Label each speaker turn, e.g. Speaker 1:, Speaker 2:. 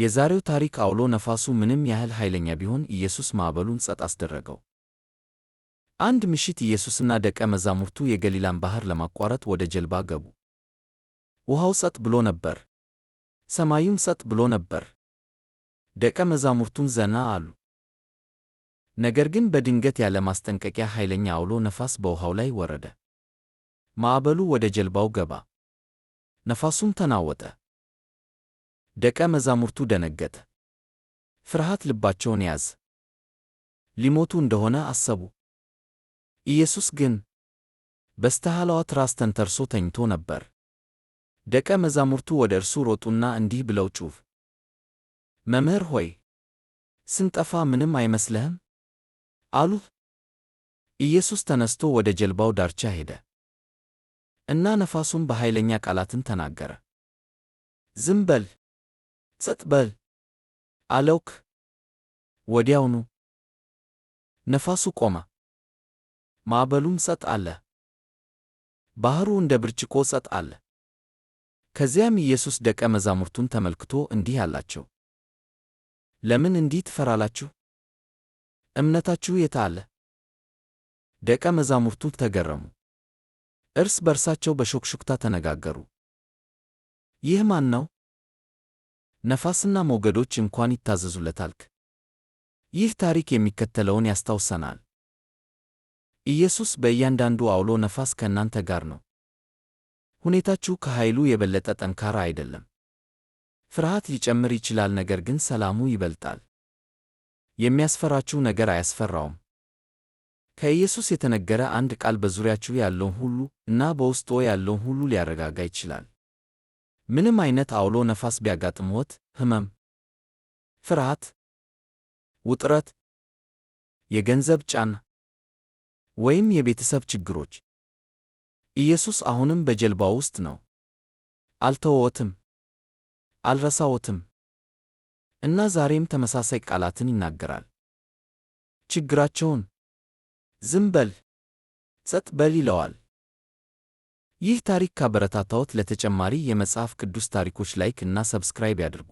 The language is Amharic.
Speaker 1: የዛሬው ታሪክ አውሎ ነፋሱ ምንም ያህል ኃይለኛ ቢሆን ኢየሱስ ማዕበሉን ጸጥ አስደረገው። አንድ ምሽት ኢየሱስና ደቀ መዛሙርቱ የገሊላን ባሕር ለማቋረጥ ወደ ጀልባ ገቡ። ውሃው ጸጥ ብሎ ነበር፣ ሰማዩም ጸጥ ብሎ ነበር። ደቀ መዛሙርቱም ዘና አሉ። ነገር ግን በድንገት ያለ ማስጠንቀቂያ ኃይለኛ አውሎ ነፋስ በውሃው ላይ ወረደ። ማዕበሉ ወደ ጀልባው ገባ፣ ነፋሱም ተናወጠ። ደቀ መዛሙርቱ ደነገጠ። ፍርሃት ልባቸውን ያዝ። ሊሞቱ እንደሆነ አሰቡ። ኢየሱስ ግን በስተኋላዋ ትራስ ተንተርሶ ተኝቶ ነበር። ደቀ መዛሙርቱ ወደ እርሱ ሮጡና እንዲህ ብለው ጩፍ መምህር ሆይ ስንጠፋ ምንም አይመስልህም? አሉት። ኢየሱስ ተነስቶ ወደ ጀልባው ዳርቻ ሄደ እና ነፋሱም በኃይለኛ ቃላትን ተናገረ። ዝም በል ጸጥ በል አለውክ። ወዲያውኑ ነፋሱ ቆመ፣ ማዕበሉም ጸጥ አለ። ባሕሩ እንደ ብርጭቆ ጸጥ አለ። ከዚያም ኢየሱስ ደቀ መዛሙርቱን ተመልክቶ እንዲህ አላቸው፣ ለምን እንዲህ ትፈራላችሁ? እምነታችሁ የት አለ? ደቀ መዛሙርቱ ተገረሙ፣ እርስ በርሳቸው በሾክሹክታ ተነጋገሩ። ይህ ማን ነው? ነፋስና ሞገዶች እንኳን ይታዘዙለታል። ይህ ታሪክ የሚከተለውን ያስታውሰናል። ኢየሱስ በእያንዳንዱ አውሎ ነፋስ ከእናንተ ጋር ነው። ሁኔታችሁ ከኃይሉ የበለጠ ጠንካራ አይደለም። ፍርሃት ሊጨምር ይችላል፣ ነገር ግን ሰላሙ ይበልጣል። የሚያስፈራችሁ ነገር አያስፈራውም። ከኢየሱስ የተነገረ አንድ ቃል በዙሪያችሁ ያለውን ሁሉ እና በውስጥዎ ያለውን ሁሉ ሊያረጋጋ ይችላል። ምንም አይነት አውሎ ነፋስ ቢያጋጥምዎት ህመም ፍርሃት፣ ውጥረት፣ የገንዘብ ጫና ወይም የቤተሰብ ችግሮች ኢየሱስ አሁንም በጀልባው ውስጥ ነው። አልተወዎትም፣ አልረሳዎትም እና ዛሬም ተመሳሳይ ቃላትን ይናገራል። ችግራቸውን ዝም በል፣ ጸጥ በል ይለዋል። ይህ ታሪክ ካበረታታዎት ለተጨማሪ የመጽሐፍ ቅዱስ ታሪኮች ላይክ እና ሰብስክራይብ ያድርጉ።